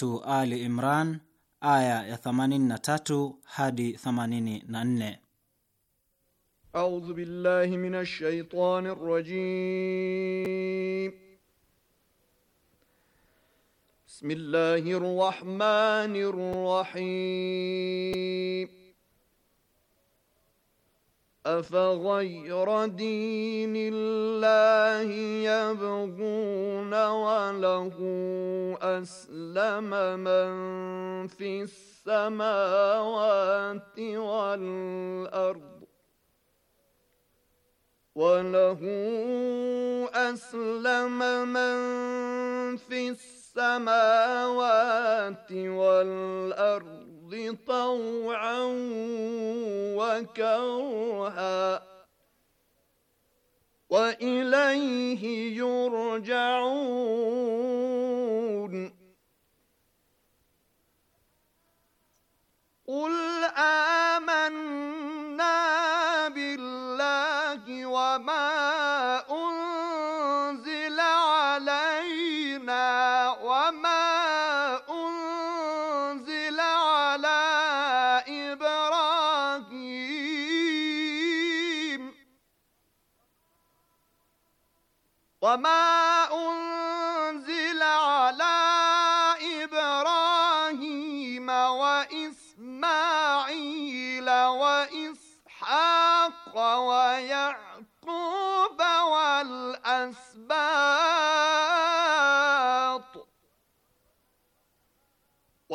Suratu Ali Imran aya ya tatu hadi thamanini nne. A'udhu billahi minash shaitani rajim. Bismillahir rahmanir rahim. أفغير دين الله يبغون وله أسلم من في السماوات والأرض وله أسلم من في السماوات والأرض طوعا وكرها وإليه يرجعون قل آمنا بالله وما أنزل علينا وما أنزل على إبراهيم وما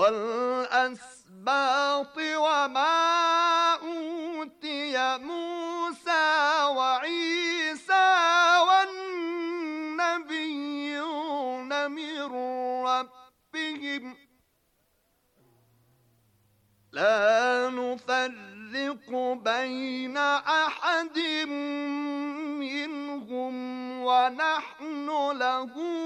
والأسباط وما أوتي موسى وعيسى والنبيون من ربهم لا نفرق بين أحد منهم ونحن له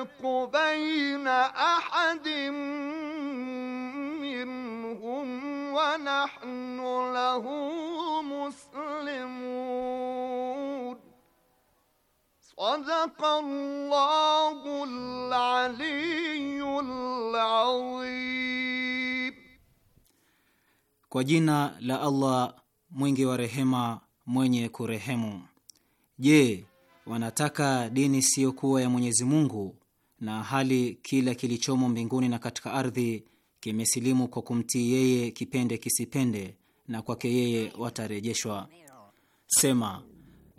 نفرق بين أحد منهم ونحن له مسلمون صدق الله العلي العظيم Kwa jina la Allah mwingi wa rehema mwenye kurehemu. Je, wanataka dini siyokuwa ya Mwenyezi Mungu na hali kila kilichomo mbinguni na katika ardhi kimesilimu kwa kumtii yeye, kipende kisipende, na kwake yeye watarejeshwa. Sema,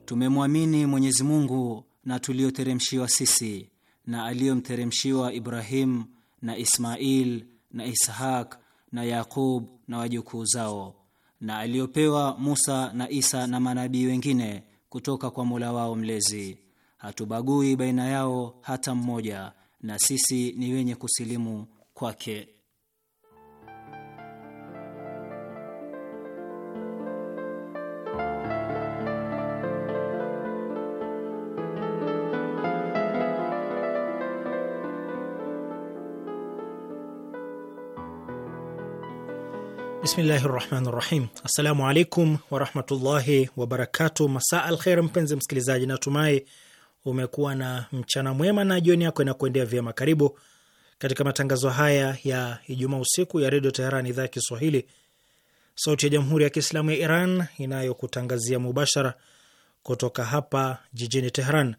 tumemwamini Mwenyezi Mungu na tuliyoteremshiwa sisi na aliyomteremshiwa Ibrahimu na Ismail na Ishaq na Yaqub na wajukuu zao na aliyopewa Musa na Isa na manabii wengine kutoka kwa Mola wao mlezi hatubagui baina yao hata mmoja, na sisi ni wenye kusilimu kwake. Bismillahi rahmani rahim. Assalamu alaikum warahmatullahi wabarakatu. Masaa al kher, mpenzi msikilizaji, natumai umekuwa na mchana mwema na jioni yako inakuendea vyema. Karibu katika matangazo haya ya Ijumaa usiku ya Redio Teheran, idhaa ya Kiswahili, sauti ya Jamhuri ya Kiislamu ya Iran inayokutangazia mubashara kutoka hapa jijini Teheran.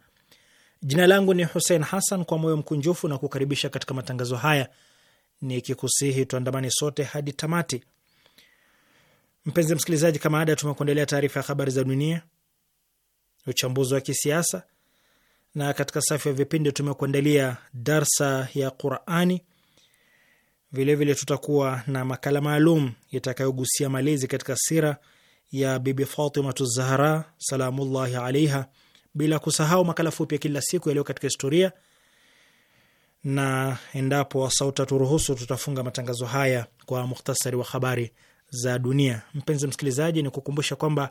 Jina langu ni Hussein Hassan, kwa moyo mkunjufu na kukaribisha katika matangazo haya nikikusihi tuandamani sote hadi tamati. Mpenzi msikilizaji, kama ada, tumekuendelea taarifa ya habari za dunia, uchambuzi wa kisiasa na katika safu ya vipindi tumekuandalia darsa ya Qurani. Vilevile tutakuwa na makala maalum itakayogusia malezi katika sira ya Bibi Fatimatu Zahra salamullahi alaiha, bila kusahau makala fupi ya kila siku yaliyo katika historia, na endapo sauta turuhusu, tutafunga matangazo haya kwa muhtasari wa habari za dunia. Mpenzi msikilizaji, ni kukumbusha kwamba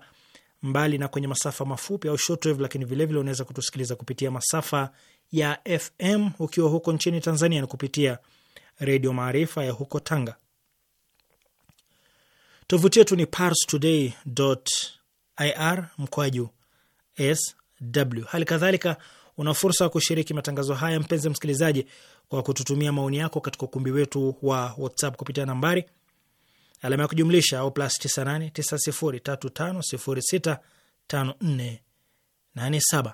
mbali na kwenye masafa mafupi au shortwave, lakini vilevile unaweza kutusikiliza kupitia masafa ya FM ukiwa huko nchini Tanzania, ni kupitia Redio Maarifa ya huko Tanga. Tovuti yetu ni parstoday.ir mkwaju sw. Hali kadhalika una fursa ya kushiriki matangazo haya, mpenzi msikilizaji, kwa kututumia maoni yako katika ukumbi wetu wa WhatsApp kupitia nambari alama ya kujumlisha au plus 989035065487.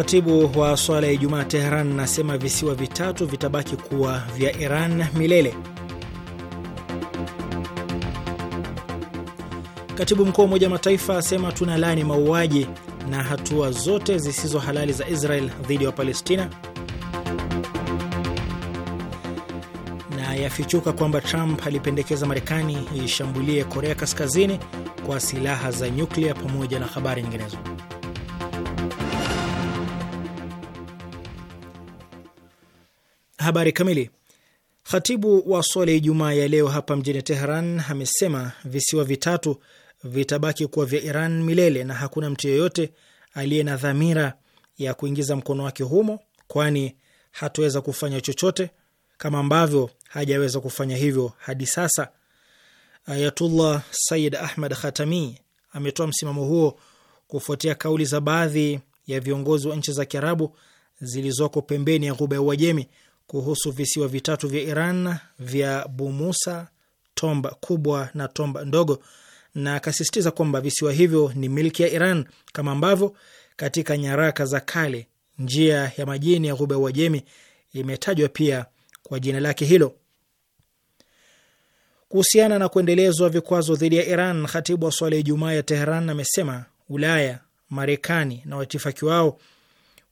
Katibu wa swala ya Ijumaa Teheran anasema visiwa vitatu vitabaki kuwa vya Iran milele. Katibu mkuu wa Umoja wa Mataifa asema tuna laani mauaji na hatua zote zisizo halali za Israel dhidi ya wa Palestina. Na yafichuka kwamba Trump alipendekeza Marekani ishambulie Korea Kaskazini kwa silaha za nyuklia, pamoja na habari nyinginezo. Habari kamili. Khatibu wa swala Ijumaa ya leo hapa mjini Teheran amesema visiwa vitatu vitabaki kuwa vya Iran milele na hakuna mtu yeyote aliye na dhamira ya kuingiza mkono wake humo, kwani hatuweza kufanya chochote kama ambavyo hajaweza kufanya hivyo hadi sasa. Ayatullah Sayyid Ahmad Khatami ametoa msimamo huo kufuatia kauli za baadhi ya viongozi wa nchi za Kiarabu zilizoko pembeni ya Ghuba ya Uajemi kuhusu visiwa vitatu vya Iran vya Bumusa, Tomba kubwa na Tomba ndogo, na akasisitiza kwamba visiwa hivyo ni milki ya Iran kama ambavyo katika nyaraka za kale njia ya majini ya Ghuba ya Uajemi imetajwa pia kwa jina lake hilo. Kuhusiana na kuendelezwa vikwazo dhidi ya Iran, khatibu wa swala ya Ijumaa ya Teheran amesema Ulaya, Marekani na watifaki wao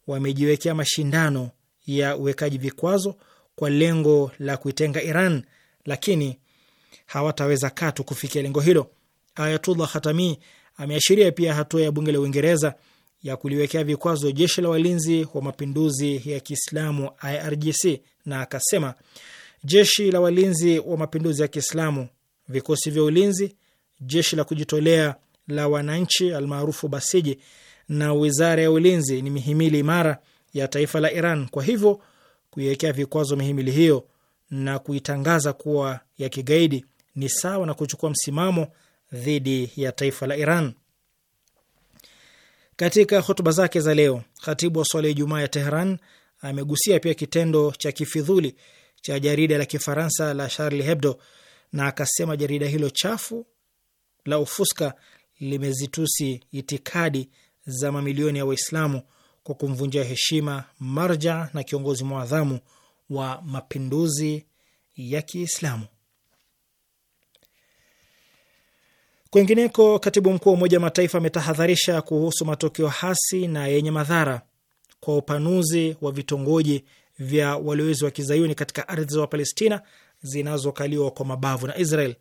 wamejiwekea mashindano ya uwekaji vikwazo kwa lengo la kuitenga Iran, lakini hawataweza katu kufikia lengo hilo. Ayatullah Khatami ameashiria pia hatua ya bunge la Uingereza ya kuliwekea vikwazo jeshi la walinzi wa mapinduzi ya Kiislamu IRGC na akasema jeshi la walinzi wa mapinduzi ya Kiislamu, vikosi vya ulinzi, jeshi la kujitolea la wananchi almaarufu Basiji na wizara ya ulinzi ni mihimili imara ya taifa la Iran, kwa hivyo kuiwekea vikwazo mihimili hiyo na kuitangaza kuwa ya kigaidi ni sawa na kuchukua msimamo dhidi ya taifa la Iran. Katika hotuba zake za leo, khatibu wa swala ya Ijumaa ya Tehran amegusia pia kitendo cha kifidhuli cha jarida la Kifaransa la Charlie Hebdo na akasema jarida hilo chafu la ufuska limezitusi itikadi za mamilioni ya Waislamu kwa kumvunjia heshima marja na kiongozi mwadhamu wa mapinduzi ya Kiislamu. Kwingineko, katibu mkuu wa Umoja wa Mataifa ametahadharisha kuhusu matokeo hasi na yenye madhara kwa upanuzi wa vitongoji vya walowezi wa kizayuni katika ardhi za Wapalestina zinazokaliwa kwa mabavu na Israel.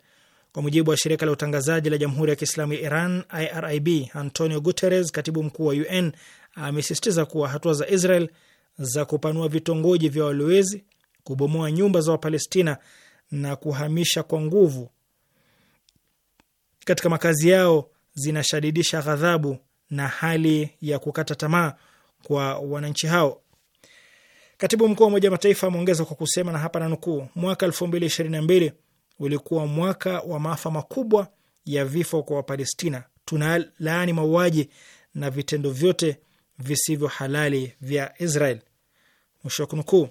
Kwa mujibu wa shirika la utangazaji la jamhuri ya kiislamu ya Iran, IRIB, Antonio Guterres, katibu mkuu wa UN, amesisitiza kuwa hatua za Israel za kupanua vitongoji vya walowezi, kubomoa nyumba za Wapalestina na kuhamisha kwa nguvu katika makazi yao zinashadidisha ghadhabu na hali ya kukata tamaa kwa wananchi hao. Katibu mkuu wa Umoja Mataifa ameongeza kwa kusema, na hapa nanukuu, mwaka elfu mbili ishirini na mbili ulikuwa mwaka wa maafa makubwa ya vifo kwa Wapalestina. Tunalaani mauaji na vitendo vyote visivyo halali vya Israel, mwisho wa kunukuu.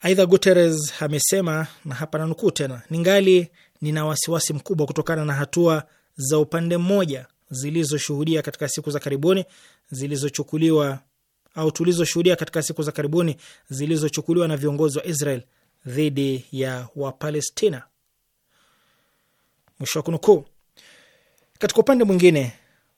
Aidha, Guterres amesema na hapa nanukuu tena, ningali nina wasiwasi mkubwa kutokana na hatua za upande mmoja zilizoshuhudia katika siku za karibuni zilizochukuliwa au tulizoshuhudia katika siku za karibuni zilizochukuliwa na viongozi wa Israel dhidi ya Wapalestina, mwisho wa kunukuu. Katika upande mwingine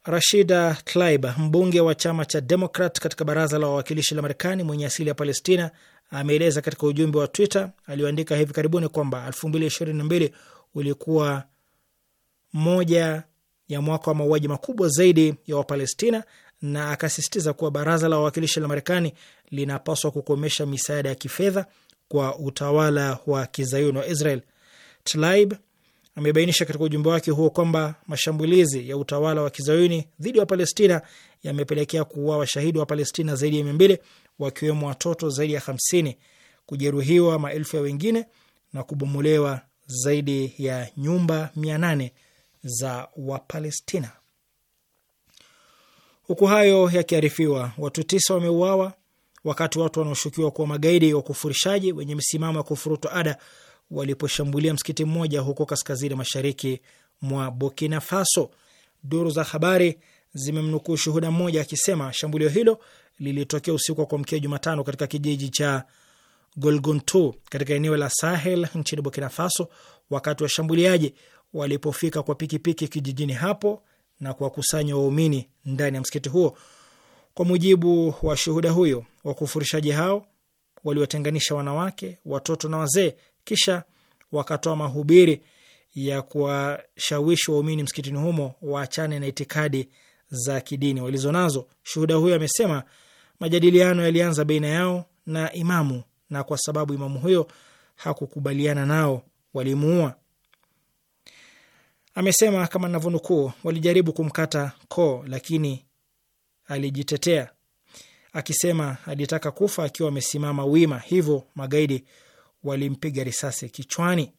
Rashida Tlaib, mbunge wa chama cha Demokrat katika baraza la wawakilishi la Marekani mwenye asili ya Palestina, ameeleza katika ujumbe wa Twitter aliyoandika hivi karibuni kwamba 2022 ulikuwa moja ya mwaka wa mauaji makubwa zaidi ya Wapalestina, na akasisitiza kuwa baraza la wawakilishi la Marekani linapaswa kukomesha misaada ya kifedha kwa utawala wa kizayuni wa Israel. Tlaib amebainisha katika ujumbe wake huo kwamba mashambulizi ya utawala wa kizayuni dhidi ya Wapalestina yamepelekea kuua washahidi wa Palestina zaidi ya mia mbili wakiwemo watoto zaidi ya hamsini, kujeruhiwa maelfu ya wengine na kubomolewa zaidi ya nyumba mia nane za Wapalestina. Huku hayo yakiarifiwa, watu tisa wameuawa wakati watu wanaoshukiwa kuwa magaidi wa kufurishaji wenye msimamo ya kufurutu ada waliposhambulia msikiti mmoja huko kaskazini mashariki mwa Burkina Faso. Duru za habari zimemnukuu shuhuda mmoja akisema shambulio hilo lilitokea usiku wa kuamkia Jumatano katika kijiji cha Golgontu katika eneo la Sahel nchini Burkina Faso, wakati washambuliaji walipofika kwa pikipiki kijijini hapo na kuwakusanya waumini ndani ya msikiti huo. Kwa mujibu wa shuhuda huyo, wakufurishaji hao waliwatenganisha wanawake, watoto na wazee kisha wakatoa mahubiri ya kuwashawishi waumini msikitini humo waachane na itikadi za kidini walizo nazo. Shuhuda huyo amesema majadiliano yalianza baina yao na imamu, na kwa sababu imamu huyo hakukubaliana nao walimuua. Amesema kama navyonukuu, walijaribu kumkata koo, lakini alijitetea akisema alitaka kufa akiwa amesimama wima, hivyo magaidi walimpiga risasi kichwani.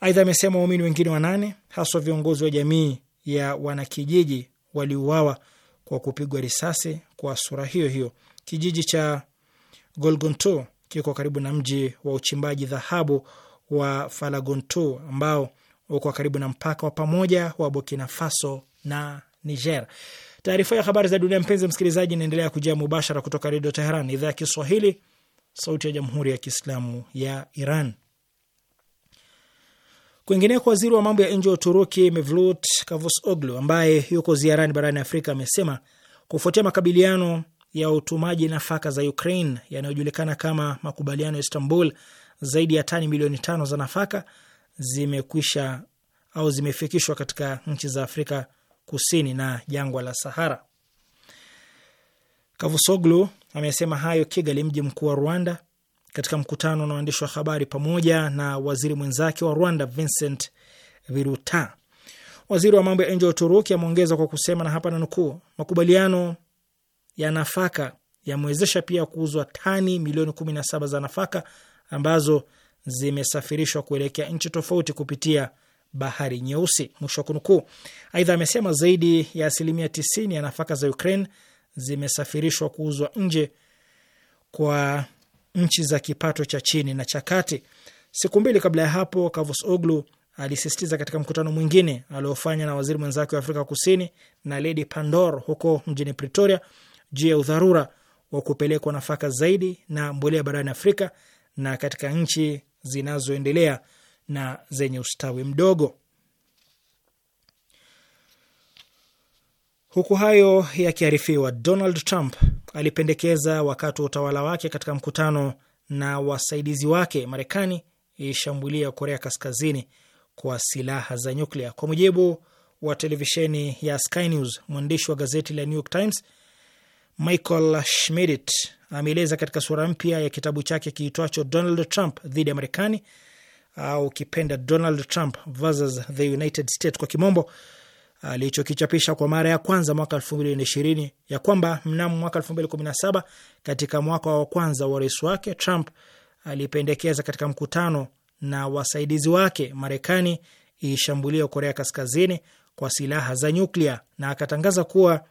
Aidha, amesema waumini wengine wanane haswa viongozi wa jamii ya wanakijiji waliuawa kwa kupigwa risasi kwa sura hiyo hiyo. Kijiji cha Golgonto kiko karibu na mji wa uchimbaji dhahabu wa Falagonto ambao uko karibu na mpaka wa pamoja wa Burkina Faso na Niger. Taarifa ya habari za dunia, mpenzi msikilizaji, inaendelea kujia mubashara kutoka Redio Teheran, idhaa ya Kiswahili, sauti ya jamhuri ya kiislamu ya Iran. Kwingineko, waziri wa mambo ya nje wa Uturuki Mevlut Cavusoglu ambaye yuko ziarani barani Afrika amesema kufuatia makabiliano ya utumaji nafaka za Ukraine yanayojulikana kama makubaliano ya Istanbul, zaidi ya tani milioni tano za nafaka zimekwisha au zimefikishwa katika nchi za Afrika Kusini na jangwa la Sahara. Kavusoglu Amesema hayo Kigali, mji mkuu wa Rwanda, katika mkutano na waandishi wa habari pamoja na waziri mwenzake wa Rwanda Vincent Biruta. Waziri wa mambo ya nje wa Uturuki ameongeza kwa kusema, na hapa nanukuu, makubaliano ya nafaka yamewezesha pia kuuzwa tani milioni kumi na saba za nafaka ambazo zimesafirishwa kuelekea nchi tofauti kupitia bahari Nyeusi, mwisho wa kunukuu. Aidha amesema zaidi ya asilimia tisini ya nafaka za Ukraine zimesafirishwa kuuzwa nje kwa nchi za kipato cha chini na cha kati. Siku mbili kabla ya hapo, Cavusoglu alisisitiza katika mkutano mwingine aliofanya na waziri mwenzake wa Afrika Kusini na Lady Pandor huko mjini Pretoria juu ya udharura wa kupelekwa nafaka zaidi na mbolea barani Afrika na katika nchi zinazoendelea na zenye ustawi mdogo. Huku hayo yakiarifiwa, Donald Trump alipendekeza wakati wa utawala wake katika mkutano na wasaidizi wake Marekani ishambulia Korea Kaskazini kwa silaha za nyuklia. Kwa mujibu wa televisheni ya Sky News, mwandishi wa gazeti la New York Times Michael Schmidt ameeleza katika sura mpya ya kitabu chake kiitwacho Donald Trump dhidi ya Marekani au kipenda Donald Trump versus the United States kwa kimombo alichokichapisha kwa mara ya kwanza mwaka elfu mbili na ishirini ya kwamba mnamo mwaka elfu mbili kumi na saba katika mwaka wa kwanza wa rais wake Trump alipendekeza katika mkutano na wasaidizi wake Marekani ishambulie Korea Kaskazini kwa silaha za nyuklia na akatangaza kuwa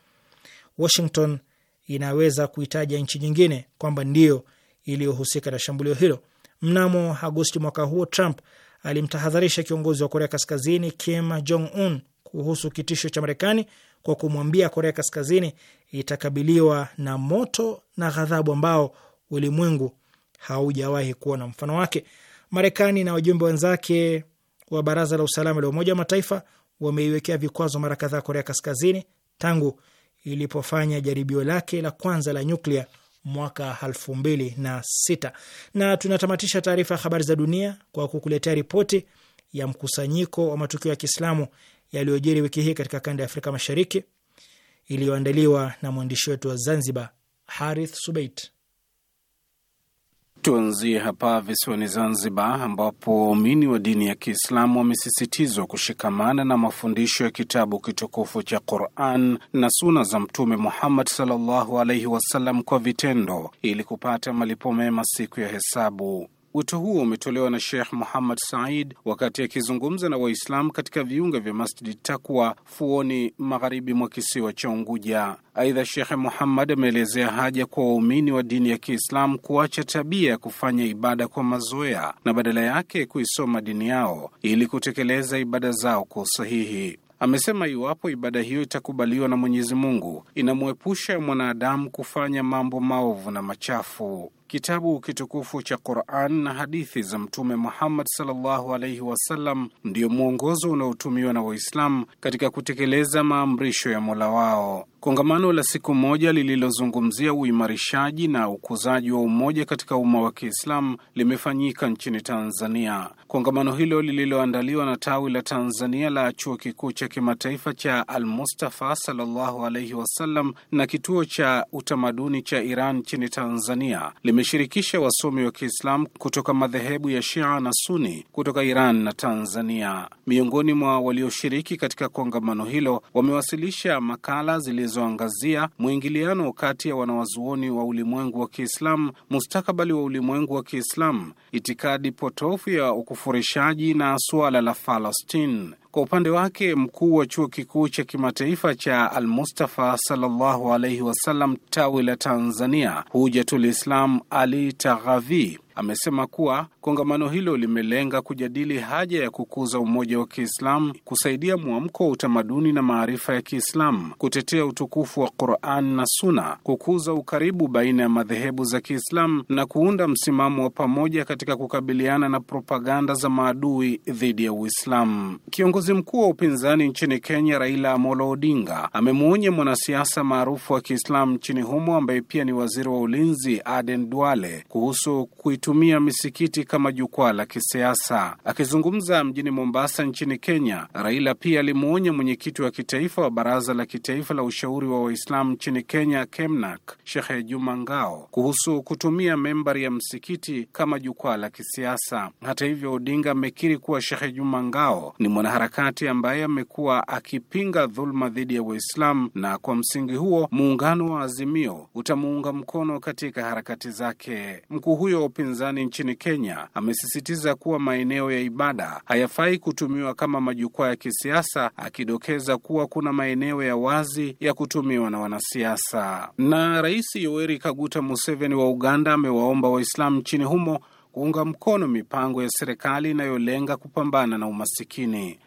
Washington inaweza kuitaja nchi nyingine kwamba ndiyo iliyohusika na shambulio hilo. Mnamo Agosti mwaka huo, Trump alimtahadharisha kiongozi wa Korea Kaskazini Kim Jong Un kuhusu kitisho cha Marekani kwa kumwambia Korea Kaskazini itakabiliwa na moto na ghadhabu ambao ulimwengu haujawahi kuona mfano wake. Marekani na wajumbe wenzake wa Baraza la Usalama la Umoja wa Mataifa wameiwekea vikwazo mara kadhaa Korea Kaskazini tangu ilipofanya jaribio lake la kwanza la nyuklia mwaka elfu mbili na sita. Na tunatamatisha taarifa ya habari za dunia kwa kukuletea ripoti ya mkusanyiko wa matukio ya Kiislamu yaliyojiri wiki hii katika kanda ya Afrika Mashariki iliyoandaliwa na mwandishi wetu wa Zanzibar, Harith Subait. Tuanzie hapa visiwani Zanzibar, ambapo waumini wa dini ya Kiislamu wamesisitizwa kushikamana na mafundisho ya kitabu kitukufu cha Quran na suna za Mtume Muhammad sallallahu alaihi wasallam kwa vitendo, ili kupata malipo mema siku ya hesabu. Wito huo umetolewa na Sheikh Muhammad Said wakati akizungumza na Waislamu katika viunga vya masjidi Takwa Fuoni, magharibi mwa kisiwa cha Unguja. Aidha, Shekhe Muhammad ameelezea haja kwa waumini wa dini ya Kiislamu kuacha tabia ya kufanya ibada kwa mazoea na badala yake kuisoma dini yao ili kutekeleza ibada zao kwa usahihi. Amesema iwapo ibada hiyo itakubaliwa na Mwenyezi Mungu, inamwepusha mwanadamu kufanya mambo maovu na machafu kitabu kitukufu cha Quran na hadithi za Mtume Muhammad sallallahu alaihi wasallam ndiyo mwongozo unaotumiwa na Waislamu katika kutekeleza maamrisho ya mola wao. Kongamano la siku moja lililozungumzia uimarishaji na ukuzaji wa umoja katika umma wa Kiislamu limefanyika nchini Tanzania. Kongamano hilo lililoandaliwa na tawi la Tanzania la chuo kikuu cha kimataifa cha Almustafa sallallahu alaihi wasallam na kituo cha utamaduni cha Iran nchini Tanzania limeshirikisha wasomi wa Kiislamu kutoka madhehebu ya Shia na Suni kutoka Iran na Tanzania. Miongoni mwa walioshiriki katika kongamano hilo wamewasilisha makala zilizoangazia mwingiliano kati ya wanawazuoni wa ulimwengu wa Kiislamu, mustakabali wa ulimwengu wa Kiislamu, itikadi potofu ya ukufurishaji na suala la Palestine. Kwa upande wake mkuu wa chuo kikuu cha kimataifa cha Almustafa sallallahu alaihi wasallam tawi la Tanzania, Hujatul Islam Ali Taghavi amesema kuwa kongamano hilo limelenga kujadili haja ya kukuza umoja wa Kiislamu, kusaidia mwamko wa utamaduni na maarifa ya Kiislamu, kutetea utukufu wa Quran na Suna, kukuza ukaribu baina ya madhehebu za Kiislamu na kuunda msimamo wa pamoja katika kukabiliana na propaganda za maadui dhidi ya Uislamu. Kiongozi mkuu wa upinzani nchini Kenya, Raila Amolo Odinga, amemwonya mwanasiasa maarufu wa Kiislamu nchini humo ambaye pia ni waziri wa ulinzi Aden Duale kuhusu kuitu kuitumia misikiti kama jukwaa la kisiasa. Akizungumza mjini Mombasa nchini Kenya, Raila pia alimwonya mwenyekiti wa kitaifa wa baraza la kitaifa la ushauri wa Waislamu nchini Kenya, KEMNAK, Shehe Juma Ngao kuhusu kutumia membari ya msikiti kama jukwaa la kisiasa. Hata hivyo, Odinga amekiri kuwa Shehe Juma Ngao ni mwanaharakati ambaye amekuwa akipinga dhuluma dhidi ya Waislamu na kwa msingi huo muungano wa Azimio utamuunga mkono katika harakati zake. Mkuu huyo wa upinzani upinzani nchini Kenya amesisitiza kuwa maeneo ya ibada hayafai kutumiwa kama majukwaa ya kisiasa, akidokeza kuwa kuna maeneo ya wazi ya kutumiwa na wanasiasa. Na Rais Yoweri Kaguta Museveni wa Uganda amewaomba Waislamu nchini humo kuunga mkono mipango ya serikali inayolenga kupambana na umasikini.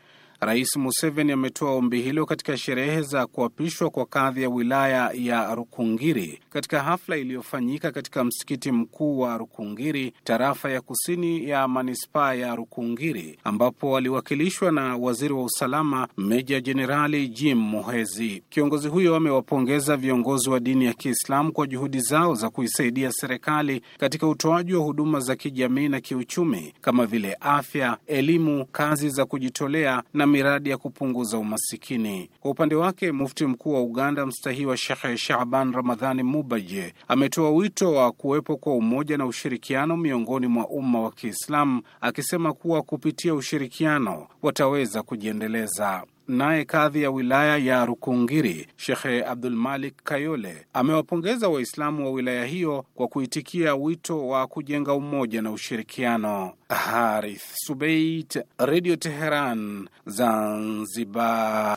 Rais Museveni ametoa ombi hilo katika sherehe za kuapishwa kwa kadhi ya wilaya ya Rukungiri katika hafla iliyofanyika katika msikiti mkuu wa Rukungiri, tarafa ya kusini ya manispaa ya Rukungiri, ambapo aliwakilishwa na waziri wa usalama Meja Jenerali Jim Muhezi. Kiongozi huyo amewapongeza viongozi wa dini ya Kiislamu kwa juhudi zao za kuisaidia serikali katika utoaji wa huduma za kijamii na kiuchumi kama vile afya, elimu, kazi za kujitolea na miradi ya kupunguza umasikini. Kwa upande wake, mufti mkuu wa Uganda mstahii wa Shekhe Shaban Ramadhani Mubaje ametoa wito wa kuwepo kwa umoja na ushirikiano miongoni mwa umma wa Kiislamu, akisema kuwa kupitia ushirikiano wataweza kujiendeleza. Naye kadhi ya wilaya ya Rukungiri Shekhe Abdul Malik Kayole amewapongeza Waislamu wa wilaya hiyo kwa kuitikia wito wa kujenga umoja na ushirikiano. Harith Subeit, Radio Teheran, Zanzibar.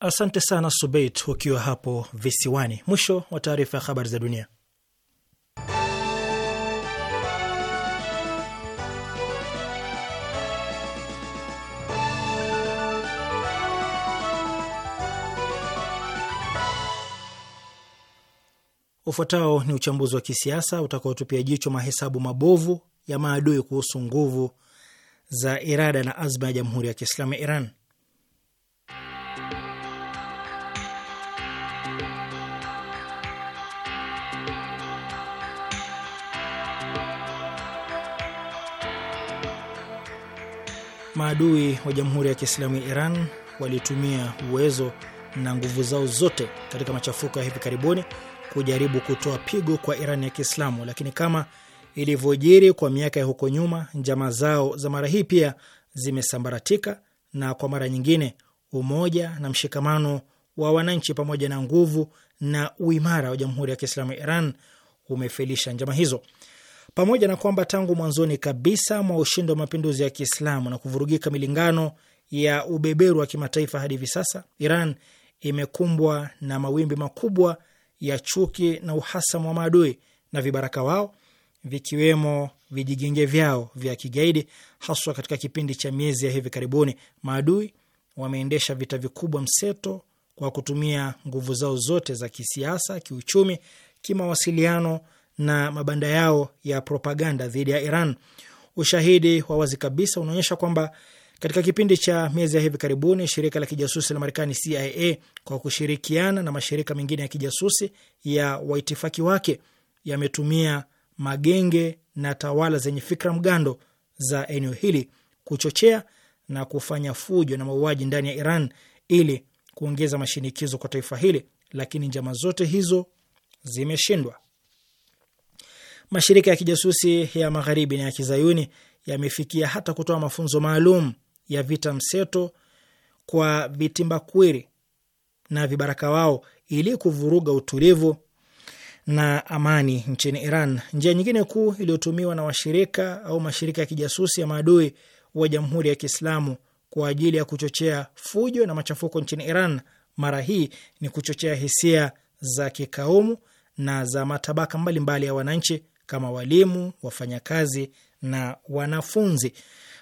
Asante sana Subeit, ukiwa hapo visiwani. Mwisho wa taarifa ya habari za dunia. Ufuatao ni uchambuzi wa kisiasa utakaotupia jicho mahesabu mabovu ya maadui kuhusu nguvu za irada na azma ya Jamhuri ya Kiislamu ya Iran. Maadui wa Jamhuri ya Kiislamu ya Iran walitumia uwezo na nguvu zao zote katika machafuko ya hivi karibuni kujaribu kutoa pigo kwa Iran ya Kiislamu, lakini kama ilivyojiri kwa miaka ya huko nyuma, njama zao za mara hii pia zimesambaratika, na kwa mara nyingine umoja na mshikamano wa wananchi pamoja na nguvu na uimara wa Jamhuri ya Kiislamu ya Iran umefelisha njama hizo, pamoja na kwamba tangu mwanzoni kabisa mwa ushindi wa mapinduzi ya Kiislamu na kuvurugika milingano ya ubeberu wa kimataifa hadi hivi sasa Iran imekumbwa na mawimbi makubwa ya chuki na uhasamu wa maadui na vibaraka wao, vikiwemo vijigenge vyao vya kigaidi, haswa katika kipindi cha miezi ya hivi karibuni. Maadui wameendesha vita vikubwa mseto kwa kutumia nguvu zao zote za kisiasa, kiuchumi, kimawasiliano na mabanda yao ya propaganda dhidi ya Iran. Ushahidi wa wazi kabisa unaonyesha kwamba katika kipindi cha miezi ya hivi karibuni, shirika la kijasusi la Marekani CIA kwa kushirikiana na mashirika mengine ya kijasusi ya waitifaki wake yametumia magenge na tawala zenye fikra mgando za eneo hili kuchochea na kufanya fujo na mauaji ndani ya Iran ili kuongeza mashinikizo kwa taifa hili, lakini njama zote hizo zimeshindwa. Mashirika ya kijasusi ya magharibi na ya kizayuni yamefikia hata kutoa mafunzo maalum ya vita mseto kwa vitimbakwiri na vibaraka wao ili kuvuruga utulivu na amani nchini Iran. Njia nyingine kuu iliyotumiwa na washirika au mashirika ya kijasusi ya maadui wa Jamhuri ya Kiislamu kwa ajili ya kuchochea fujo na machafuko nchini Iran mara hii ni kuchochea hisia za kikaumu na za matabaka mbalimbali mbali ya wananchi kama walimu, wafanyakazi na wanafunzi.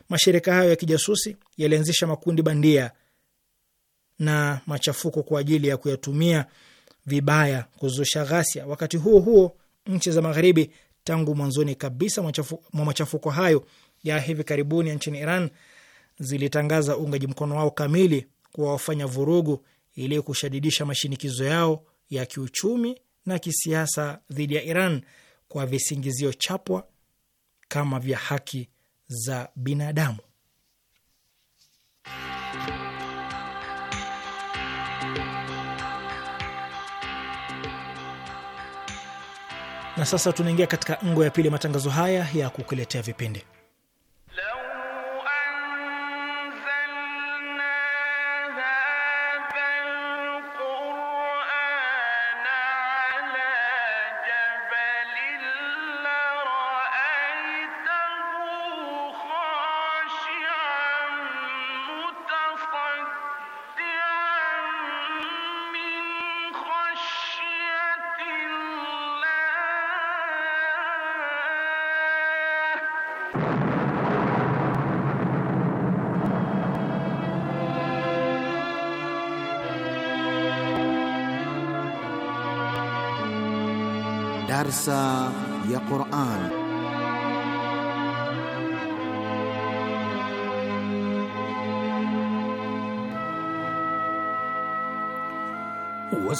Mashirika hayo ya kijasusi yalianzisha makundi bandia na machafuko kwa ajili ya kuyatumia vibaya kuzusha ghasia. Wakati huo huo, nchi za Magharibi tangu mwanzoni kabisa mwa machafuko hayo ya hivi karibuni ya nchini Iran zilitangaza uungaji mkono wao kamili kwa wafanya vurugu ili kushadidisha mashinikizo yao ya kiuchumi na kisiasa dhidi ya Iran kwa visingizio chapwa kama vya haki za binadamu. Na sasa tunaingia katika ngo ya pili ya matangazo haya ya kukuletea vipindi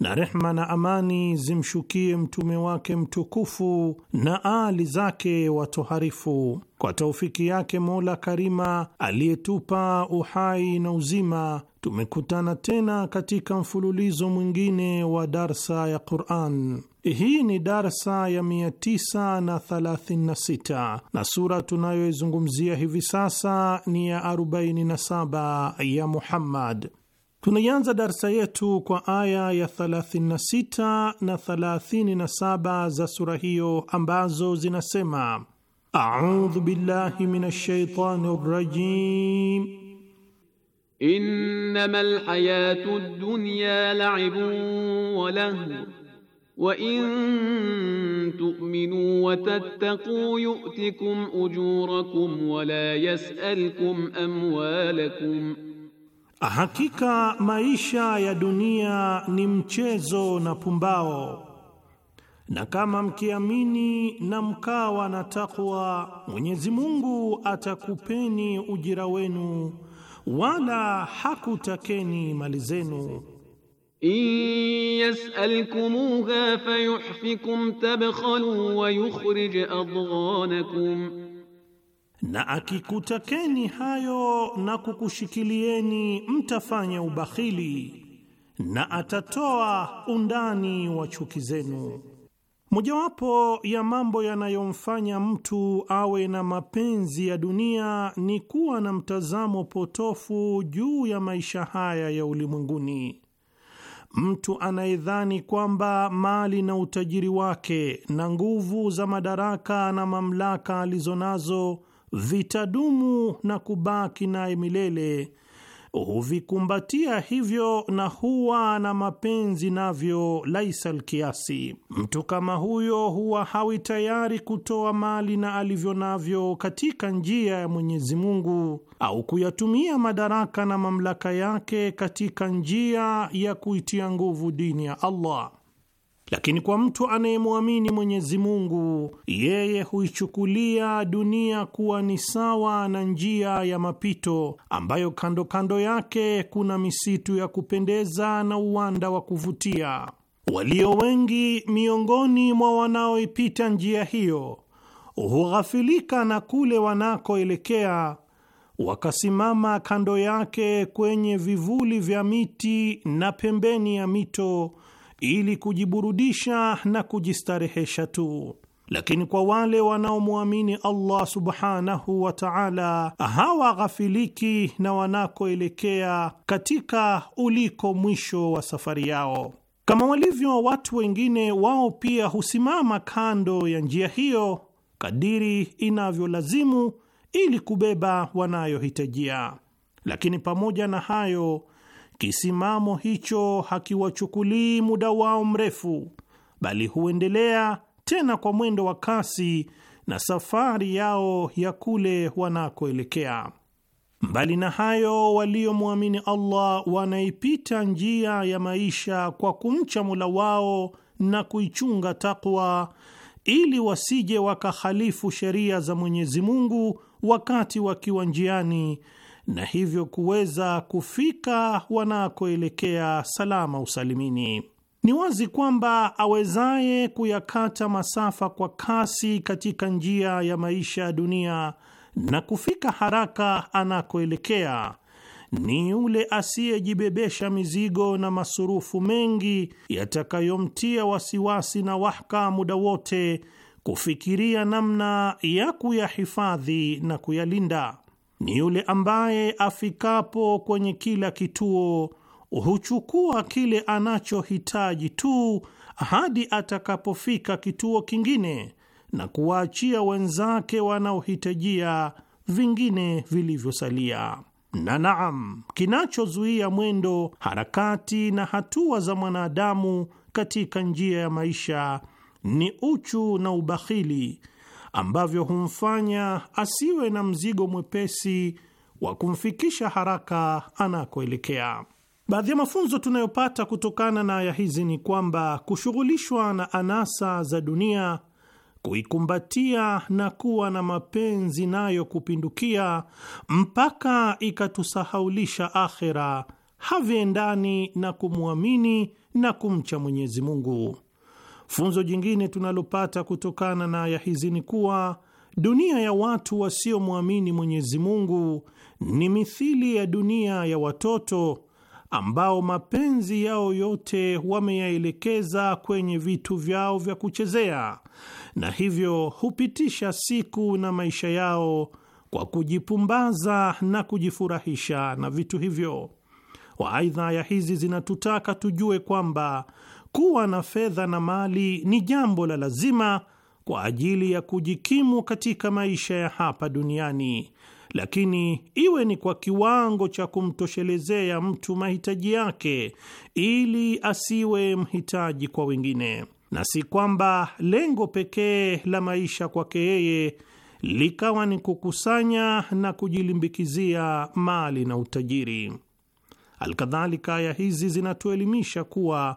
na rehma na amani zimshukie mtume wake mtukufu na aali zake watoharifu. Kwa taufiki yake Mola Karima aliyetupa uhai na uzima, tumekutana tena katika mfululizo mwingine wa darsa ya Quran. Hii ni darsa ya 936 na sura tunayoizungumzia hivi sasa ni ya 47 ya Muhammad. Tunaianza darsa yetu kwa aya ya 36 na 37 za sura hiyo ambazo zinasema: audhu billahi minash shaitani rajim innamal hayatud dunya la'ibun wa lahu wa in tu'minu wa tattaqu yu'tikum ujurakum wa la yas'alkum amwalakum Hakika maisha ya dunia ni mchezo na pumbao, na kama mkiamini na mkawa na takwa, Mwenyezi Mungu atakupeni ujira wenu, wala hakutakeni mali zenu. in yasalkumuha fayuhfikum tabkhalu wa yukhrij adghanakum na akikutakeni hayo na kukushikilieni, mtafanya ubakhili na atatoa undani wa chuki zenu. Mojawapo ya mambo yanayomfanya mtu awe na mapenzi ya dunia ni kuwa na mtazamo potofu juu ya maisha haya ya ulimwenguni. Mtu anayedhani kwamba mali na utajiri wake na nguvu za madaraka na mamlaka alizonazo vitadumu na kubaki naye milele, huvikumbatia hivyo na huwa na mapenzi navyo laisa lkiasi. Mtu kama huyo huwa hawi tayari kutoa mali na alivyo navyo katika njia ya Mwenyezi Mungu au kuyatumia madaraka na mamlaka yake katika njia ya kuitia nguvu dini ya Allah. Lakini kwa mtu anayemwamini Mwenyezi Mungu, yeye huichukulia dunia kuwa ni sawa na njia ya mapito ambayo kando kando yake kuna misitu ya kupendeza na uwanda wa kuvutia. Walio wengi miongoni mwa wanaoipita njia hiyo hughafilika na kule wanakoelekea wakasimama kando yake kwenye vivuli vya miti na pembeni ya mito ili kujiburudisha na kujistarehesha tu, lakini kwa wale wanaomwamini Allah subhanahu wa ta'ala, hawaghafiliki na wanakoelekea katika uliko mwisho wa safari yao. Kama walivyo watu wengine, wao pia husimama kando ya njia hiyo kadiri inavyolazimu ili kubeba wanayohitajia. Lakini pamoja na hayo Kisimamo hicho hakiwachukulii muda wao mrefu, bali huendelea tena kwa mwendo wa kasi na safari yao ya kule wanakoelekea. Mbali na hayo, waliomwamini Allah wanaipita njia ya maisha kwa kumcha Mola wao na kuichunga takwa, ili wasije wakahalifu sheria za Mwenyezi Mungu wakati wakiwa njiani na hivyo kuweza kufika wanakoelekea salama usalimini. Ni wazi kwamba awezaye kuyakata masafa kwa kasi katika njia ya maisha ya dunia na kufika haraka anakoelekea ni yule asiyejibebesha mizigo na masurufu mengi yatakayomtia wasiwasi na wahka muda wote kufikiria namna ya kuyahifadhi na kuyalinda ni yule ambaye afikapo kwenye kila kituo huchukua kile anachohitaji tu hadi atakapofika kituo kingine na kuwaachia wenzake wanaohitajia vingine vilivyosalia. Na naam, kinachozuia mwendo, harakati na hatua za mwanadamu katika njia ya maisha ni uchu na ubakhili ambavyo humfanya asiwe na mzigo mwepesi wa kumfikisha haraka anakoelekea. Baadhi ya mafunzo tunayopata kutokana na aya hizi ni kwamba kushughulishwa na anasa za dunia, kuikumbatia na kuwa na mapenzi nayo kupindukia mpaka ikatusahaulisha akhera, haviendani na kumwamini na kumcha Mwenyezi Mungu. Funzo jingine tunalopata kutokana na aya hizi ni kuwa dunia ya watu wasiomwamini Mwenyezi Mungu ni mithili ya dunia ya watoto ambao mapenzi yao yote wameyaelekeza kwenye vitu vyao vya kuchezea, na hivyo hupitisha siku na maisha yao kwa kujipumbaza na kujifurahisha na vitu hivyo. Waaidha, aya hizi zinatutaka tujue kwamba kuwa na fedha na mali ni jambo la lazima kwa ajili ya kujikimu katika maisha ya hapa duniani, lakini iwe ni kwa kiwango cha kumtoshelezea mtu mahitaji yake ili asiwe mhitaji kwa wengine, na si kwamba lengo pekee la maisha kwake yeye likawa ni kukusanya na kujilimbikizia mali na utajiri. Alkadhalika, aya hizi zinatuelimisha kuwa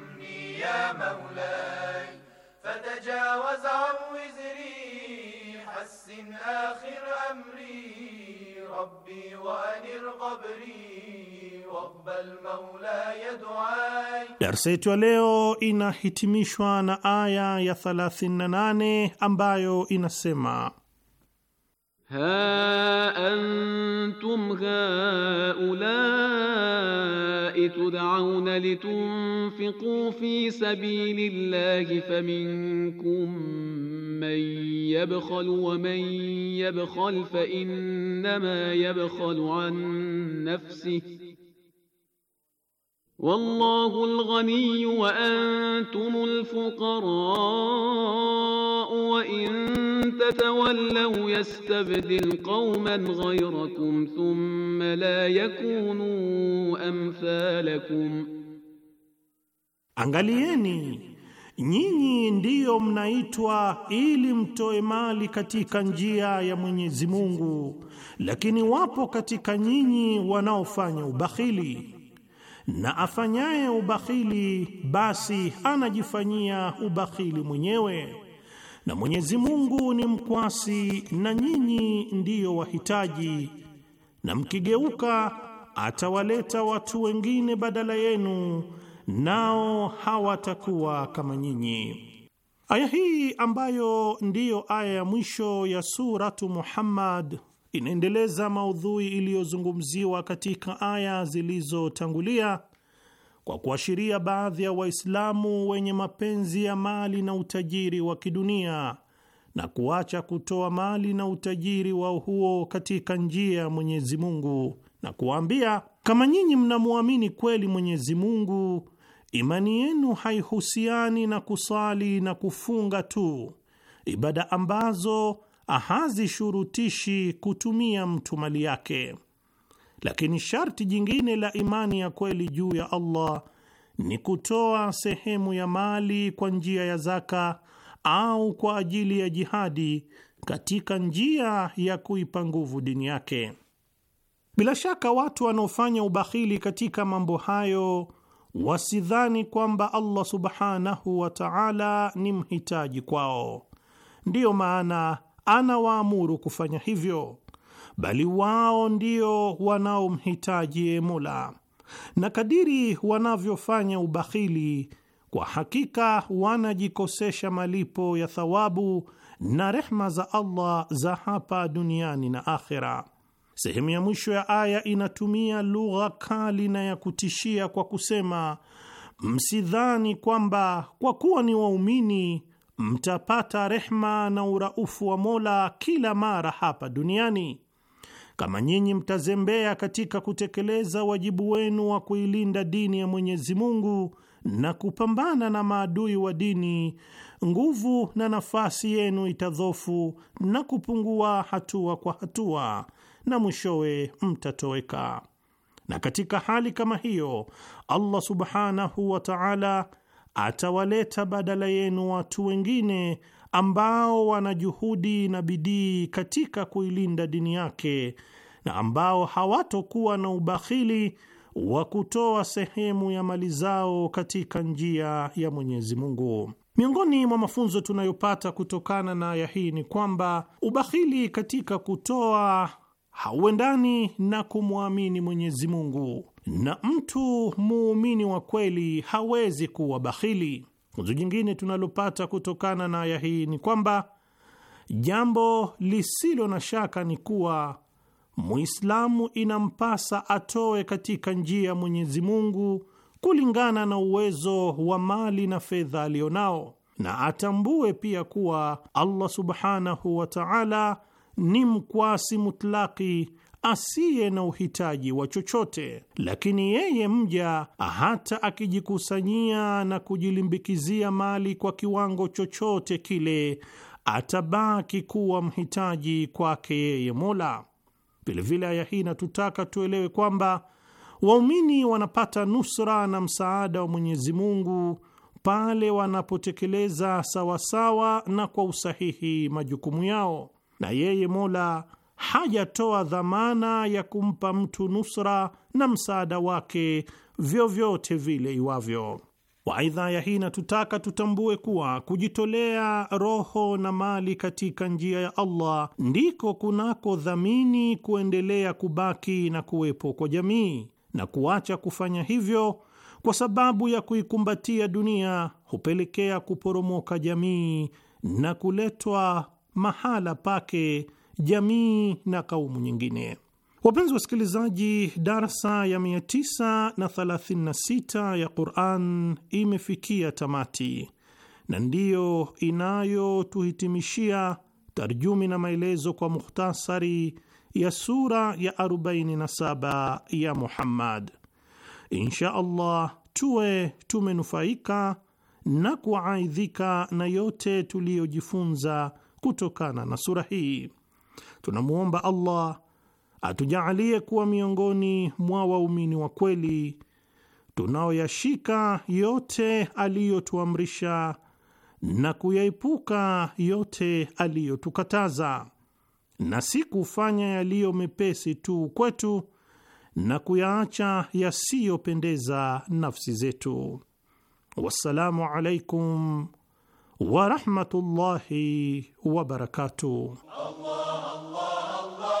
يا مولاي فتجاوز عن وزري حسن آخر أمري ربي وأنر قبري واقبل مولاي دعاي Darsa yetu ya leo inahitimishwa na aya ya 38 ambayo inasema ها أنتم هؤلاء تدعون لتنفقوا في سبيل الله فمنكم من يبخل ومن يبخل فإنما يبخل عن نفسه Wallahu alghani wa antum alfuqara wa in tatawallu yastabdil qauman ghayrakum thumma la yakunu amthalakum, angalieni nyinyi ndiyo mnaitwa ili mtoe mali katika njia ya Mwenyezi Mungu, lakini wapo katika nyinyi wanaofanya ubakhili na afanyaye ubakhili basi anajifanyia ubakhili mwenyewe, na Mwenyezi Mungu ni mkwasi, na nyinyi ndiyo wahitaji, na mkigeuka atawaleta watu wengine badala yenu, nao hawatakuwa kama nyinyi. Aya hii ambayo ndiyo aya ya mwisho ya Suratu Muhammad inaendeleza maudhui iliyozungumziwa katika aya zilizotangulia kwa kuashiria baadhi ya Waislamu wenye mapenzi ya mali na utajiri wa kidunia na kuacha kutoa mali na utajiri wao huo katika njia ya Mwenyezi Mungu na kuwaambia, kama nyinyi mnamwamini kweli Mwenyezi Mungu, imani yenu haihusiani na kusali na kufunga tu, ibada ambazo hazishurutishi kutumia mtu mali yake. Lakini sharti jingine la imani ya kweli juu ya Allah ni kutoa sehemu ya mali kwa njia ya zaka au kwa ajili ya jihadi katika njia ya kuipa nguvu dini yake. Bila shaka watu wanaofanya ubakhili katika mambo hayo wasidhani kwamba Allah subhanahu wa ta'ala ni mhitaji kwao. Ndiyo maana anawaamuru kufanya hivyo, bali wao ndio wanaomhitaji Mola, na kadiri wanavyofanya ubakhili, kwa hakika wanajikosesha malipo ya thawabu na rehma za Allah za hapa duniani na akhera. Sehemu ya mwisho ya aya inatumia lugha kali na ya kutishia kwa kusema, msidhani kwamba kwa kuwa ni waumini mtapata rehma na uraufu wa Mola kila mara hapa duniani, kama nyinyi mtazembea katika kutekeleza wajibu wenu wa kuilinda dini ya Mwenyezi Mungu na kupambana na maadui wa dini, nguvu na nafasi yenu itadhofu na kupungua hatua kwa hatua, na mwishowe mtatoweka. Na katika hali kama hiyo, Allah subhanahu wa ta'ala atawaleta badala yenu watu wengine ambao wana juhudi na bidii katika kuilinda dini yake na ambao hawatokuwa na ubakhili wa kutoa sehemu ya mali zao katika njia ya Mwenyezi Mungu. Miongoni mwa mafunzo tunayopata kutokana na aya hii ni kwamba ubakhili katika kutoa hauendani na kumwamini Mwenyezi Mungu na mtu muumini wa kweli hawezi kuwa bakhili. Funzo jingine tunalopata kutokana na aya hii ni kwamba jambo lisilo na shaka ni kuwa Muislamu inampasa atoe katika njia ya Mwenyezi Mungu kulingana na uwezo wa mali na fedha alionao, na atambue pia kuwa Allah subhanahu wa taala ni mkwasi mutlaki asiye na uhitaji wa chochote, lakini yeye mja hata akijikusanyia na kujilimbikizia mali kwa kiwango chochote kile, atabaki kuwa mhitaji kwake yeye Mola. Vilevile aya hii inatutaka tuelewe kwamba waumini wanapata nusra na msaada wa Mwenyezi Mungu pale wanapotekeleza sawasawa na kwa usahihi majukumu yao, na yeye Mola hajatoa dhamana ya kumpa mtu nusra na msaada wake vyovyote vile iwavyo. Waidha ya hii natutaka tutambue kuwa kujitolea roho na mali katika njia ya Allah ndiko kunako dhamini kuendelea kubaki na kuwepo kwa jamii, na kuacha kufanya hivyo kwa sababu ya kuikumbatia dunia hupelekea kuporomoka jamii na kuletwa mahala pake jamii na kaumu nyingine. Wapenzi wasikilizaji, darsa ya 936 ya Quran imefikia tamati na ndiyo inayotuhitimishia tarjumi na maelezo kwa mukhtasari ya sura ya 47 ya Muhammad. Insha Allah tuwe tumenufaika na kuaidhika na yote tuliyojifunza kutokana na sura hii tunamwomba Allah atujaalie kuwa miongoni mwa waumini wa kweli tunaoyashika yote aliyotuamrisha na kuyaepuka yote aliyotukataza, na si kufanya yaliyo mepesi tu kwetu na kuyaacha yasiyopendeza nafsi zetu. Wassalamu alaikum ورحمة الله وبركاته الله الله الله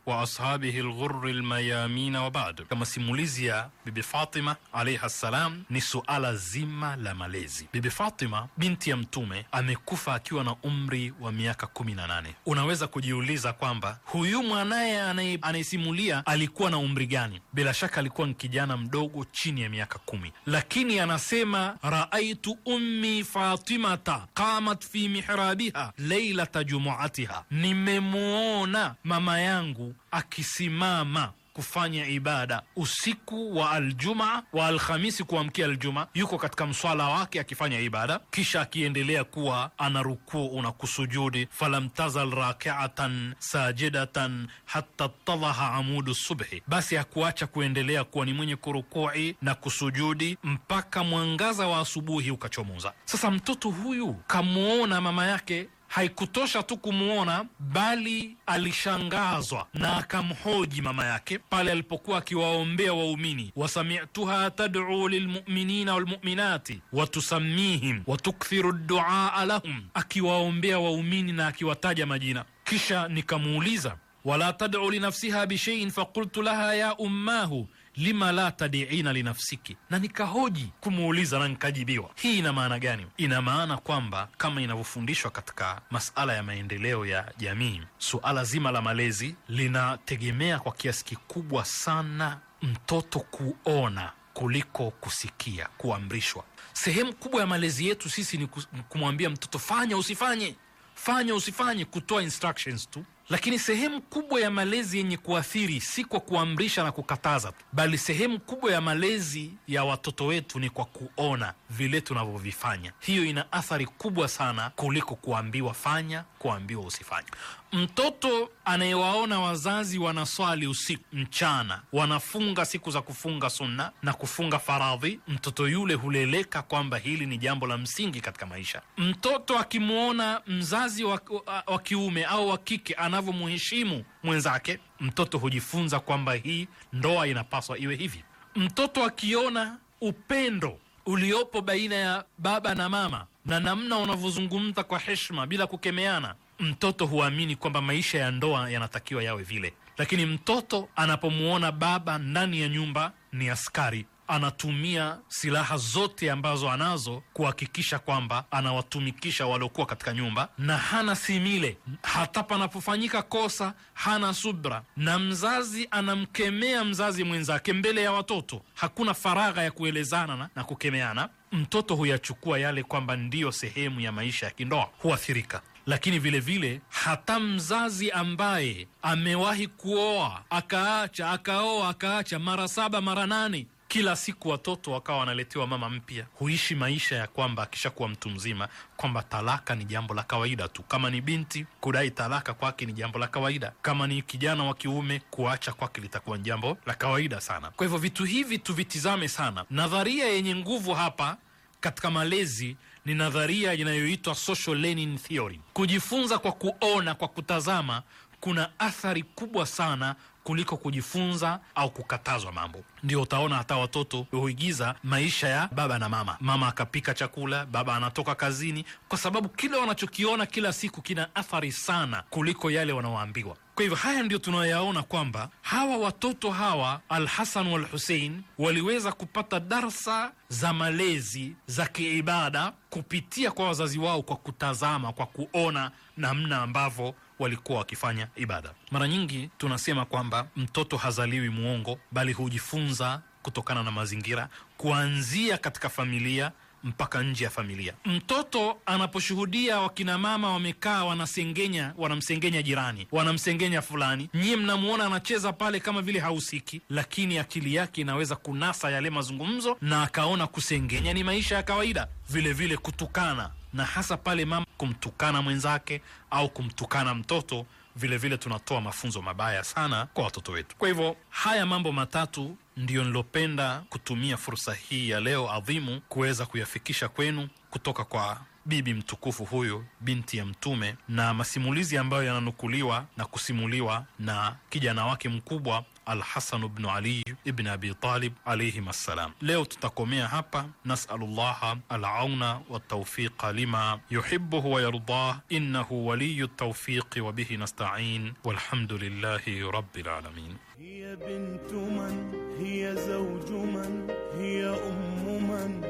wa ashabihi lghurri lmayamina wa bad. Kama simulizi ya Bibi Fatima alaihi ssalam, ni suala zima la malezi. Bibi Fatima binti ya Mtume amekufa akiwa na umri wa miaka kumi na nane. Unaweza kujiuliza kwamba huyu mwanaye anayesimulia alikuwa na umri gani? Bila shaka alikuwa ni kijana mdogo chini ya miaka kumi, lakini anasema raaitu ummi fatimata qamat fi mihrabiha leilata jumuatiha, nimemwona mama yangu akisimama kufanya ibada usiku wa Aljumaa wa Alhamisi kuamkia Aljumaa, yuko katika mswala wake akifanya ibada, kisha akiendelea kuwa ana rukuu na kusujudi, falamtazal rakiatan sajidatan hatta tadaha amudu subhi, basi hakuacha kuendelea kuwa ni mwenye kurukui na kusujudi mpaka mwangaza wa asubuhi ukachomoza. Sasa mtoto huyu kamwona mama yake haikutosha tu kumwona, bali alishangazwa na akamhoji mama yake pale alipokuwa akiwaombea waumini, wasamituha tad'u lilmuminina walmuminati watusammihim watukthiru duaa lahum, akiwaombea waumini na akiwataja majina. Kisha nikamuuliza wala tad'u linafsiha bishaiin fakultu laha ya ummahu lima la tadiina linafsiki, na nikahoji kumuuliza na nikajibiwa. Hii ina maana gani? Ina maana kwamba kama inavyofundishwa katika masala ya maendeleo ya jamii, suala zima la malezi linategemea kwa kiasi kikubwa sana mtoto kuona kuliko kusikia, kuamrishwa. Sehemu kubwa ya malezi yetu sisi ni kumwambia mtoto fanya, usifanye, fanya, usifanye, kutoa instructions tu. Lakini sehemu kubwa ya malezi yenye kuathiri si kwa kuamrisha na kukataza tu, bali sehemu kubwa ya malezi ya watoto wetu ni kwa kuona vile tunavyovifanya. Hiyo ina athari kubwa sana kuliko kuambiwa fanya kuambiwa usifanye. Mtoto anayewaona wazazi wanaswali usiku mchana, wanafunga siku za kufunga sunna na kufunga faradhi, mtoto yule huleleka kwamba hili ni jambo la msingi katika maisha. Mtoto akimwona mzazi wa, wa, wa kiume au wa kike anavyomuheshimu mwenzake, mtoto hujifunza kwamba hii ndoa inapaswa iwe hivi. Mtoto akiona upendo uliopo baina ya baba na mama na namna unavyozungumza kwa heshima bila kukemeana, mtoto huamini kwamba maisha ya ndoa yanatakiwa yawe vile. Lakini mtoto anapomwona baba ndani ya nyumba ni askari anatumia silaha zote ambazo anazo kuhakikisha kwamba anawatumikisha waliokuwa katika nyumba, na hana simile hata panapofanyika kosa, hana subra. Na mzazi anamkemea mzazi mwenzake mbele ya watoto, hakuna faragha ya kuelezana na kukemeana. Mtoto huyachukua yale kwamba ndiyo sehemu ya maisha ya kindoa, huathirika lakini vilevile vile, hata mzazi ambaye amewahi kuoa akaacha akaoa akaacha mara saba mara nane kila siku watoto wakawa wanaletewa mama mpya, huishi maisha ya kwamba akishakuwa mtu mzima kwamba talaka ni jambo la kawaida tu. Kama ni binti, kudai talaka kwake ni jambo la kawaida. Kama ni kijana wa kiume, kuacha kwake litakuwa ni jambo la kawaida sana. Kwa hivyo vitu hivi tuvitizame sana. Nadharia yenye nguvu hapa katika malezi ni nadharia inayoitwa social learning theory. Kujifunza kwa kuona, kwa kutazama, kuna athari kubwa sana kuliko kujifunza au kukatazwa mambo. Ndio utaona hata watoto huigiza maisha ya baba na mama, mama akapika chakula, baba anatoka kazini, kwa sababu kile wanachokiona kila siku kina athari sana kuliko yale wanaoambiwa. Kwa hivyo haya ndio tunayoyaona kwamba hawa watoto hawa Alhasan wal Husein waliweza kupata darsa za malezi za kiibada kupitia kwa wazazi wao, kwa kutazama, kwa kuona namna ambavyo walikuwa wakifanya ibada. Mara nyingi tunasema kwamba mtoto hazaliwi mwongo, bali hujifunza kutokana na mazingira, kuanzia katika familia mpaka nje ya familia. Mtoto anaposhuhudia wakina mama wamekaa wanasengenya, wanamsengenya jirani, wanamsengenya fulani, nyie mnamwona anacheza pale kama vile hahusiki, lakini akili yake inaweza kunasa yale mazungumzo na akaona kusengenya ni maisha ya kawaida, vilevile vile kutukana na hasa pale mama kumtukana mwenzake au kumtukana mtoto vilevile vile tunatoa mafunzo mabaya sana kwa watoto wetu. Kwa hivyo haya mambo matatu ndiyo nilopenda kutumia fursa hii ya leo adhimu kuweza kuyafikisha kwenu kutoka kwa bibi mtukufu huyu binti ya Mtume na masimulizi ambayo yananukuliwa na kusimuliwa na kijana wake mkubwa الحسن بن علي بن أبي طالب عليهما السلام ليو تتقومي هابا نسأل الله العون والتوفيق لما يحبه ويرضاه إنه ولي التوفيق وبه نستعين والحمد لله رب العالمين هي بنت من هي زوج من هي أم من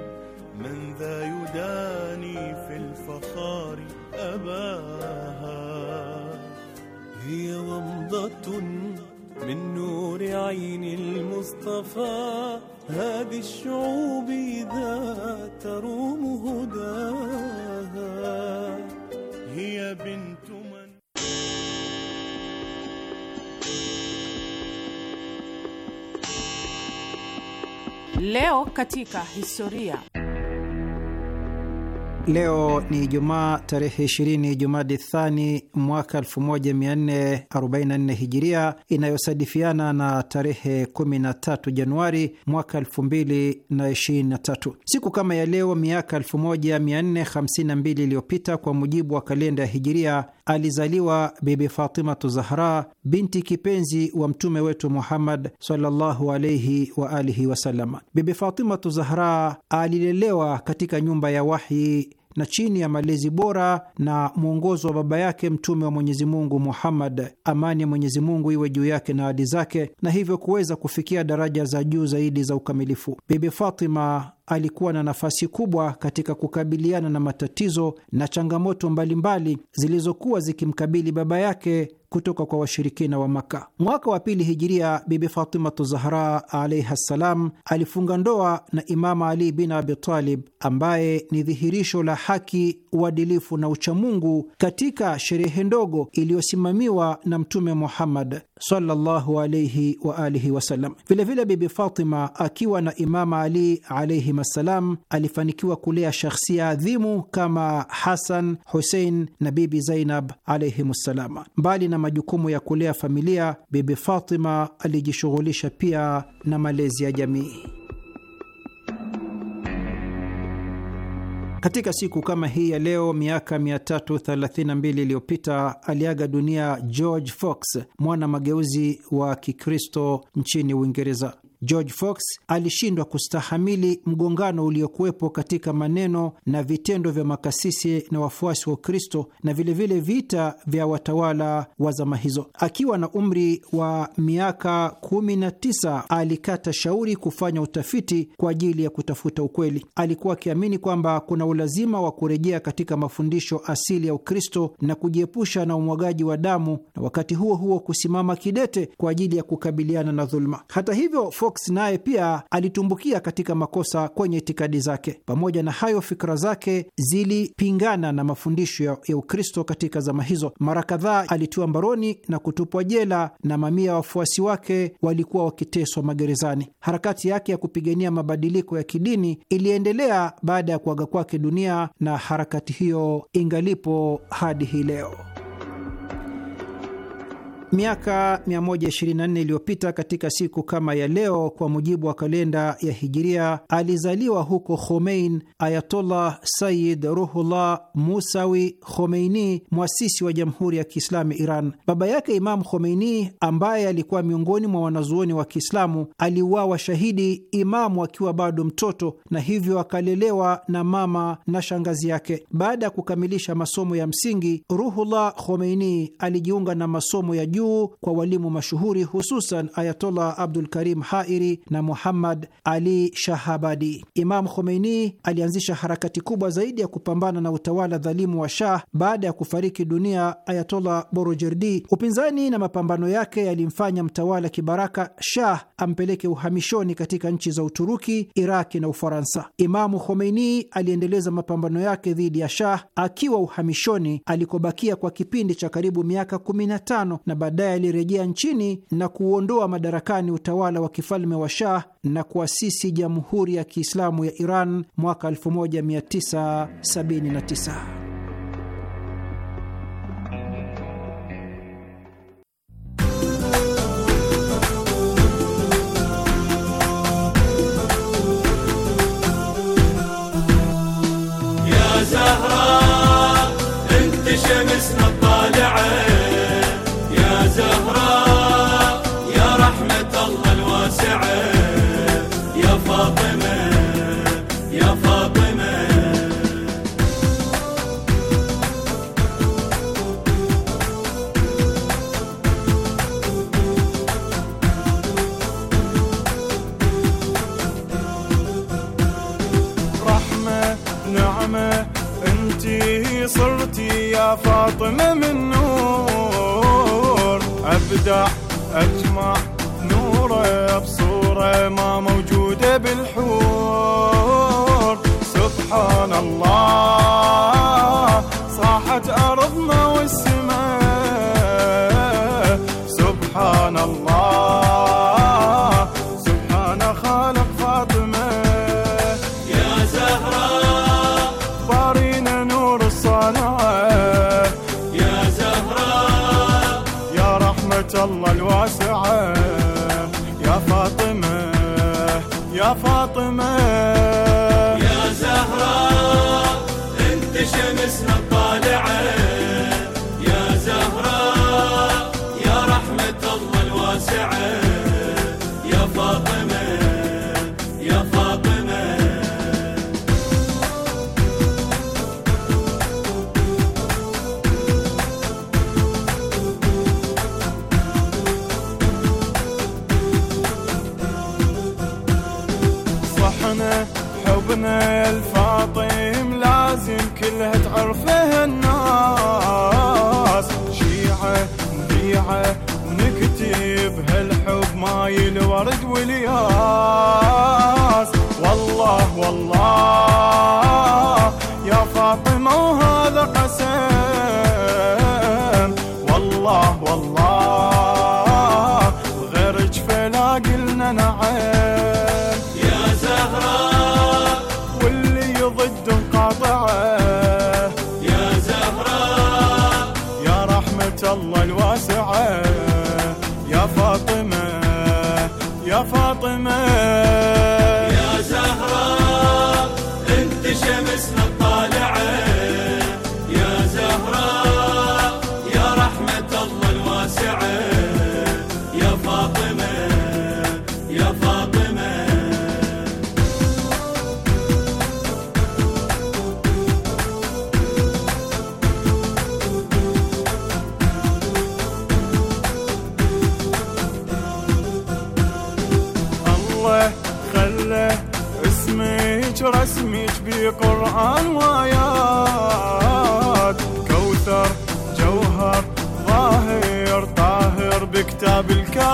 من ذا يداني في الفخار أباها هي ومضة من نور عين المصطفى هذه الشعوب إذا تروم هداها هي بنت من Leo katika historia Leo ni jumaa tarehe 20 Jumadi Thani mwaka 1444 Hijiria, inayosadifiana na tarehe 13 Januari mwaka 2023. Siku kama ya leo miaka 1452 iliyopita, kwa mujibu wa kalenda ya Hijiria, alizaliwa Bibi Fatimatu Zahra, binti kipenzi wa mtume wetu Muhammad sallallahu wa alihi wasallam. Bibi Fatimatu Zahra alilelewa katika nyumba ya wahi na chini ya malezi bora na mwongozo wa baba yake Mtume wa Mwenyezi Mungu Muhammad, amani ya Mwenyezi Mungu iwe juu yake na hadi zake, na hivyo kuweza kufikia daraja za juu zaidi za ukamilifu. Bibi Fatima alikuwa na nafasi kubwa katika kukabiliana na matatizo na changamoto mbalimbali zilizokuwa zikimkabili baba yake kutoka kwa washirikina wa Maka. Mwaka wa pili hijiria, Bibi Fatimatu Zahra alaihi ssalam alifunga ndoa na imamu Ali bin Abitalib, ambaye ni dhihirisho la haki, uadilifu na uchamungu katika sherehe ndogo iliyosimamiwa na Mtume Muhammad sallallahu alayhi wa alihi wasallam. Vilevile Bibi Fatima akiwa na Imama Ali alayhim assalam alifanikiwa kulea shakhsia adhimu kama Hasan, Husein na Bibi Zainab alaihim assalam. Mbali na majukumu ya kulea familia, Bibi Fatima alijishughulisha pia na malezi ya jamii. Katika siku kama hii ya leo miaka 332 iliyopita aliaga dunia George Fox, mwana mageuzi wa Kikristo nchini Uingereza. George Fox alishindwa kustahamili mgongano uliokuwepo katika maneno na vitendo vya makasisi na wafuasi wa Ukristo na vilevile vile vita vya watawala wa zama hizo. Akiwa na umri wa miaka 19 alikata shauri kufanya utafiti kwa ajili ya kutafuta ukweli. Alikuwa akiamini kwamba kuna ulazima wa kurejea katika mafundisho asili ya Ukristo na kujiepusha na umwagaji wa damu na wakati huo huo kusimama kidete kwa ajili ya kukabiliana na dhuluma. Hata hivyo Fox Fox naye pia alitumbukia katika makosa kwenye itikadi zake. Pamoja na hayo, fikra zake zilipingana na mafundisho ya Ukristo katika zama hizo. Mara kadhaa alitiwa mbaroni na kutupwa jela, na mamia ya wafuasi wake walikuwa wakiteswa magerezani. Harakati yake ya kupigania mabadiliko ya kidini iliendelea baada ya kuaga kwake dunia, na harakati hiyo ingalipo hadi hii leo. Miaka 124 iliyopita katika siku kama ya leo, kwa mujibu wa kalenda ya Hijiria, alizaliwa huko Khomein Ayatollah Sayid Ruhullah Musawi Khomeini, mwasisi wa Jamhuri ya Kiislamu Iran. Baba yake Imamu Khomeini, ambaye alikuwa miongoni mwa wanazuoni wa Kiislamu, aliuawa shahidi Imamu akiwa bado mtoto, na hivyo akalelewa na mama na shangazi yake. Baada ya kukamilisha masomo ya msingi, Ruhullah Khomeini alijiunga na masomo ya juu juu kwa walimu mashuhuri, hususan Ayatollah Abdul Karim Hairi na Muhammad Ali Shahabadi. Imam Khomeini alianzisha harakati kubwa zaidi ya kupambana na utawala dhalimu wa Shah baada ya kufariki dunia Ayatollah Borojerdi. Upinzani na mapambano yake yalimfanya mtawala kibaraka Shah ampeleke uhamishoni katika nchi za Uturuki, Iraki na Ufaransa. Imamu Khomeini aliendeleza mapambano yake dhidi ya Shah akiwa uhamishoni alikobakia kwa kipindi cha karibu miaka 15 na baadaye alirejea nchini na kuondoa madarakani utawala wa kifalme wa Shah na kuasisi Jamhuri ya Kiislamu ya Iran mwaka 1979. Zahra, طمم النور ابدع الفاطم لازم كلها تعرفها الناس شيعة مبيعة نكتب هالحب ماي الورد ولياس والله والله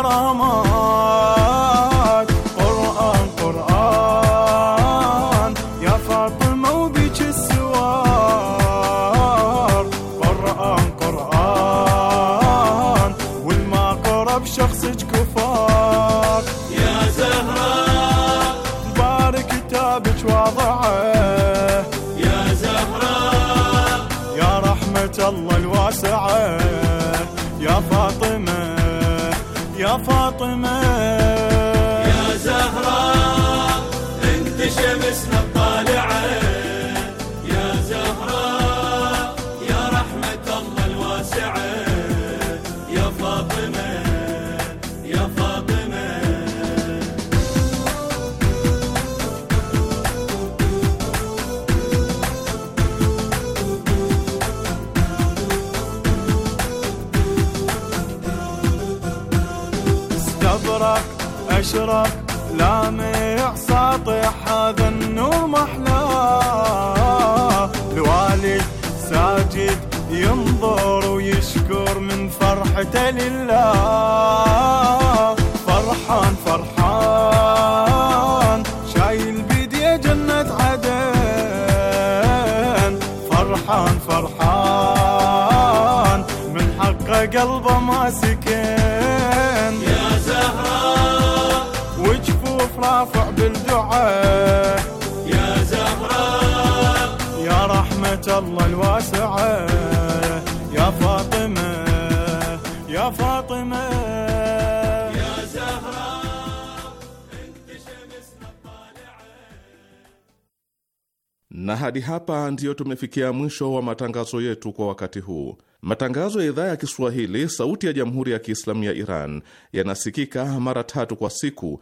come on. أشرف لامع ساطح هذا النور محلاه الوالد ساجد ينظر ويشكر من فرحته لله فرحان فرحان شايل بيدي جنة عدن فرحان فرحان من حقه قلبه ما سكن الرافع بالدعاء يا زهراء يا رحمة الله الواسعة يا فاطمة يا فاطمة na hadi hapa ndiyo tumefikia mwisho wa matangazo yetu kwa wakati huu. Matangazo ya idhaa ya Kiswahili, sauti ya jamhuri ya kiislamu ya Iran yanasikika mara tatu kwa siku